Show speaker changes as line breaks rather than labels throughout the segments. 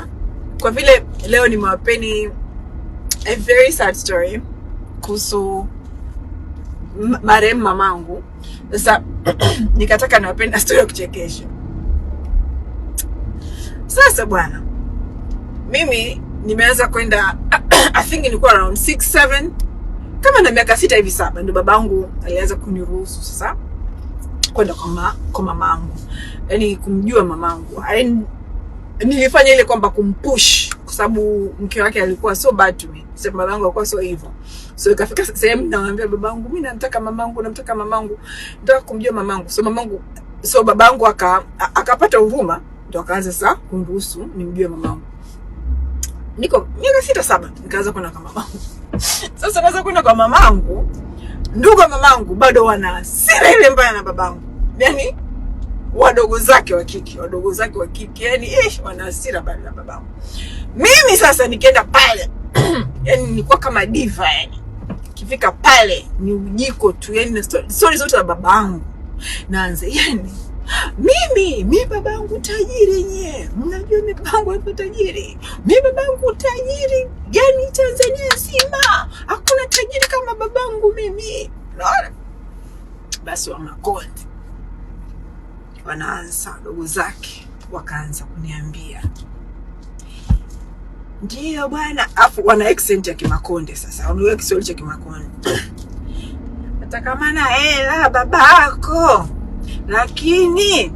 kwanza kwa vile leo nimewapeni a very sad story kuhusu marehemu mamangu. Sasa nikataka niwapeni story ya kuchekesha. Sasa bwana, mimi nimeanza kwenda I think nilikuwa around 6 7 kama na miaka sita hivi saba, ndo babangu alianza kuniruhusu sasa kwenda kwa mamangu, yani kumjua mamangu nilifanya ile kwamba kumpush kwa sababu mke wake alikuwa so bad to me, sema mamangu alikuwa so hivyo. So ikafika sehemu namwambia babangu, mimi namtaka mamangu, namtaka mamangu, nataka kumjua mamangu. So mamangu, so babangu aka akapata huruma, ndo akaanza sasa kumruhusu nimjue mamangu. Niko miaka sita saba, nikaanza kwenda kwa mamangu. Sasa naanza kwenda kwa mamangu, ndugu wa mamangu bado wana sira ile mbaya na babangu, yani wadogo zake wa kike, wadogo zake wa kike, yani eh, wana hasira bali na babangu. Mimi sasa nikienda pale yani nilikuwa kama diva yani, kifika pale ni ujiko tu yani, stori zote za babangu naanze yani mimi mi babangu tajiri nye, mnajua mi babangu alipo tajiri, mi babangu tajiri yani Tanzania nzima hakuna tajiri kama babangu mimi. Naona basi wa Makonde wanaanza wadogo zake wakaanza kuniambia ndiyo bwana, afu wana accent ya Kimakonde. Sasa wanaweka Kiswahili cha Kimakonde atakamana na hela babako, lakini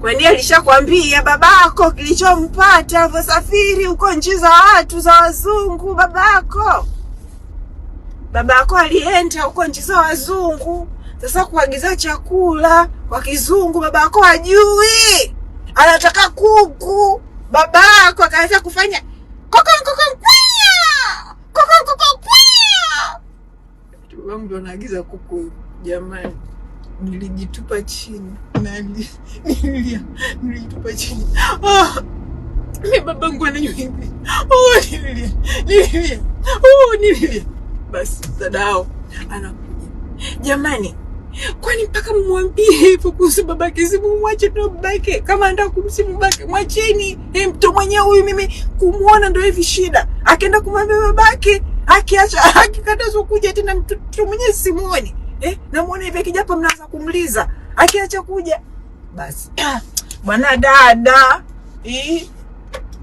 kwani alishakwambia babako kilichompata avosafiri huko nchi za watu za wazungu? Babako babako alienda huko nchi za wazungu sasa kuagiza chakula kwa kizungu baba yako ajui, anataka kuku. baba yako akaanza kufanya wangu ndo anaagiza kuku. Jamani, nilijitupa chini nilia, nilijitupa chini ah, Mi babangu oh, nililia nililia oh, nililia. Basi dadao anakuja, jamani Kwani mpaka mwambie hivyo kuhusu babake? Simumwache tu babake, kama anataka kumsi babake mwacheni. Hey, mtu mwenyewe huyu, mimi kumwona ndo hivi shida. Akaenda kumwambia babake, akiacha akikatazwa kuja tena, mtu mwenyewe simuoni eh, namwona hivi kijapo, mnaanza kumliza, akiacha kuja basi bwana dada eh,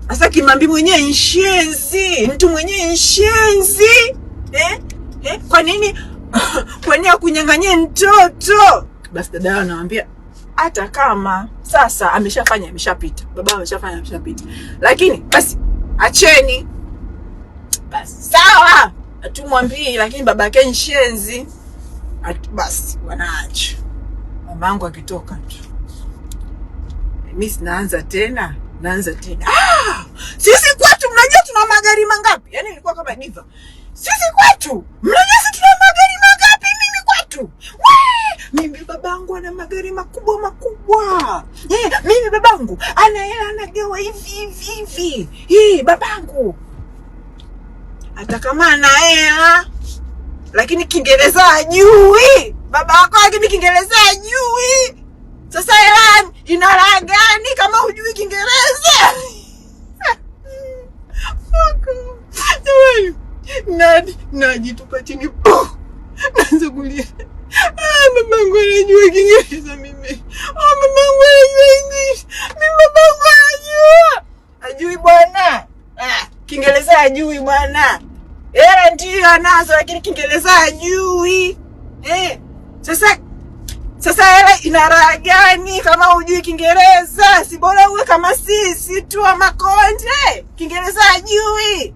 sasa Kimambi mwenyewe nshenzi, mtu mwenyewe nshenzi eh, eh, kwa nini kwani akunyang'anyie mtoto? Basi dada yao anamwambia hata kama sasa ameshafanya ameshapita, baba ameshafanya ameshapita, lakini basi acheni basi, sawa atumwambii, lakini baba yake ni shenzi. Basi wanaacha mamangu akitoka tu, mi sinaanza tena, naanza tena ah! sisi kwetu, mnajua tuna magari mangapi? Yani ilikuwa kama diva, sisi kwetu mnajua tu mimi babangu ana magari makubwa makubwa eh, mimi babangu ana hela anagawa hivi hivi hivi eh, babangu hata kama ana hela lakini Kiingereza ajui Baba yako lakini Kiingereza ajui. Sasa hela ina raha gani kama hujui Kiingereza? Najitupa chini nikaanza kulia. Ah, mamangu anajua Kiingereza mimi. Oh, mamangu anajua English. Mimi mamangu anajua. Ajui bwana. Ah, Kiingereza ajui bwana. Hela ndio anazo lakini Kiingereza ajui. Eh, sasa sasa hela ina raha gani kama hujui Kiingereza? Si bora uwe kama sisi tu makonde. Kiingereza ajui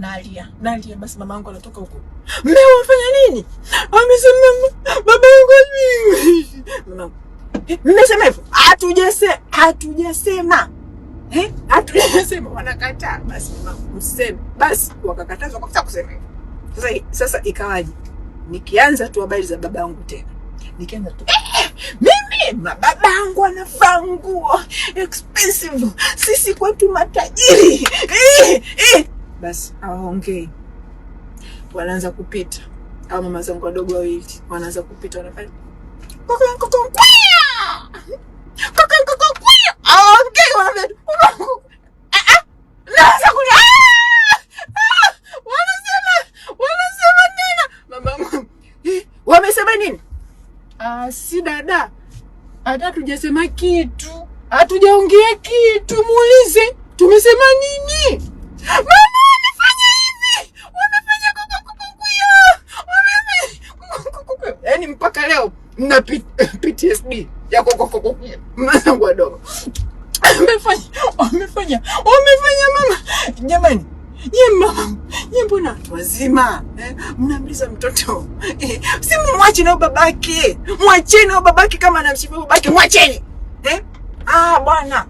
nalia nalia. Basi mama yangu anatoka huko, mmeo wafanya nini? Amesema baba yangu ajui. Mama, eh, mmesema hivyo? Hatujasema, hatujasema eh, hatujasema. Wanakataa. Basi mama, useme, basi. Wakakatazwa kwa kusema hivyo. Sasa sasa ikawaje? Nikianza tu habari za baba yangu tena, nikianza tu eh, eh mimi yangu anavaa nguo expensive, sisi kwetu matajiri eh, eh basi awaongei, wanaanza kupita au mama zangu wadogo wawili wanaanza kupita, wanafanya ah, ah, eh, wamesema nini? Ah, si dada, hata hatujasema kitu, hatujaongea kitu, muulize tumesema nini. yani mpaka leo mna PTSD ya kokokoko mwanangu wadogo wamefanya wamefanya wamefanya mama, jamani nye mama nye, mbona watu wazima eh, mnaambiza mtoto eh, simu mwache na babake, mwacheni na babake kama anamshibia babake mwacheni eh? Ah bwana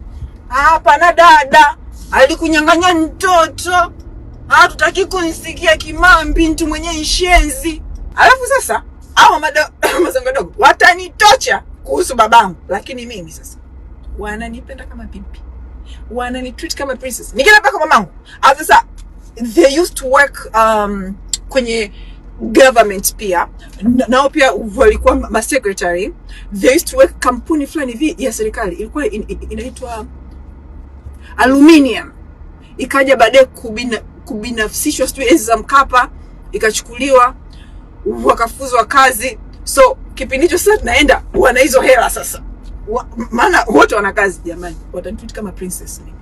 hapana, ah, dada alikunyang'anya mtoto ah, tutaki kimambi, mtu mwenye nshenzi. Alafu sasa au mazangodogo watanitocha kuhusu babangu, lakini mimi sasa wananipenda kama bibi, wananitreat kama princess. Nikienda paka mamangu sasa, they used to work um, kwenye government pia nao pia walikuwa secretary They used to work kampuni fulani hivi ya serikali ilikuwa in, in, inaitwa Aluminium, ikaja baadaye kubina, kubinafsishwa sijui enzi za Mkapa ikachukuliwa wakafuzwa kazi, so kipindi hicho sasa tunaenda wana hizo hela sasa maana wote wana kazi jamani, watanitwiti kama princess ni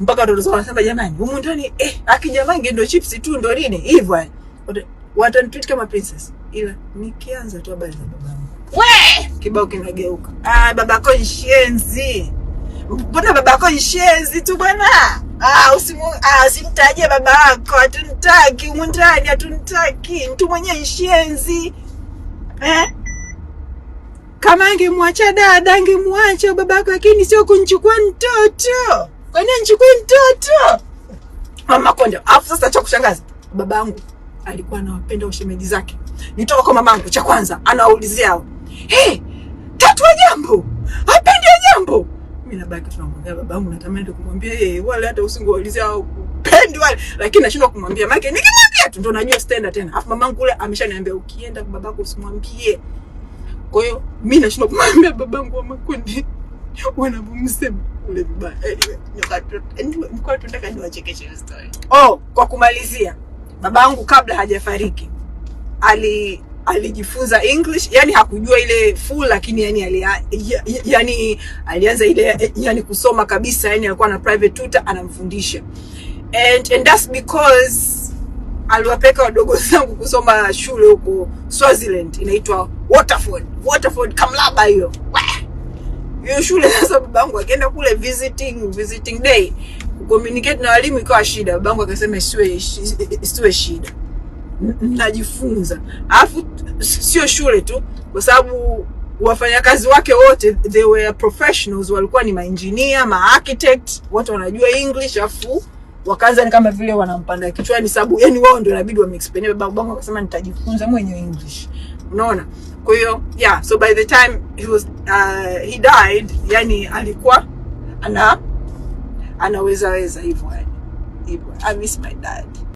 mpaka watoto zao wanasema jamani, humu ndani eh, akijamangi ndo chips tu ndo nini hivyo yani, eh. watanitwiti kama princess, ila nikianza tu habari za babangu we kibao kinageuka, ah, babako ni shenzi, mbona babako ni shenzi tu bwana Ah, usimu ah, simtajie baba yako, hatumtaki umundani ndani, mtu mwenye nshenzi eh? Kama angemwacha dada angemwacha baba yako, lakini sio kunchukua mtoto. Kwa nini nchukue mtoto? Mama Konde, afu sasa cha kushangaza, babangu alikuwa anawapenda ushemeji zake. Nitoka kwa mamangu, cha kwanza anawaulizia hao, hey, tatu wa jambo, apende jambo mimi nabaki tunamwambia babangu, natamani kumwambia yeye, eh, hey, wale hata usingoulizia au pendi wale, lakini nashindwa kumwambia maana nikimwambia tu ndo najua standard tena. Afu mamangu kule ameshaniambia ukienda kwa babako usimwambie. Kwa hiyo mimi nashindwa kumwambia babangu wa makundi wanapomsema kule baba. Eh, anyway, eh, mkoa tunataka niwachekeshe hiyo story. Oh, kwa kumalizia, babangu kabla hajafariki ali alijifunza English, yani hakujua ile full, lakini yani, ali, yani alianza ile yani kusoma kabisa, yani alikuwa na private tutor anamfundisha and, and that's because aliwapeka wadogo zangu kusoma shule huko Swaziland inaitwa Waterford, Waterford Kamlaba hiyo hiyo shule. Sasa babangu akienda kule visiting visiting day kucommunicate na walimu ikawa shida, babangu akasema isiwe isiwe shida najifunza Alafu sio shule tu, kwa sababu wafanyakazi wake wote they were professionals, walikuwa ni ma architect, wote wanajua English. Alafu wakaanza ni kama vile wanampanda kichwani, sababu yani wao ndio inabidi wamexplain. bango, akasema nitajifunza mwenyewe English, unaona. Kwa hiyo yeah, so by the time he was uh, he died, yani alikuwa ana anaweza weza hivyo, yani hivyo. I miss my dad.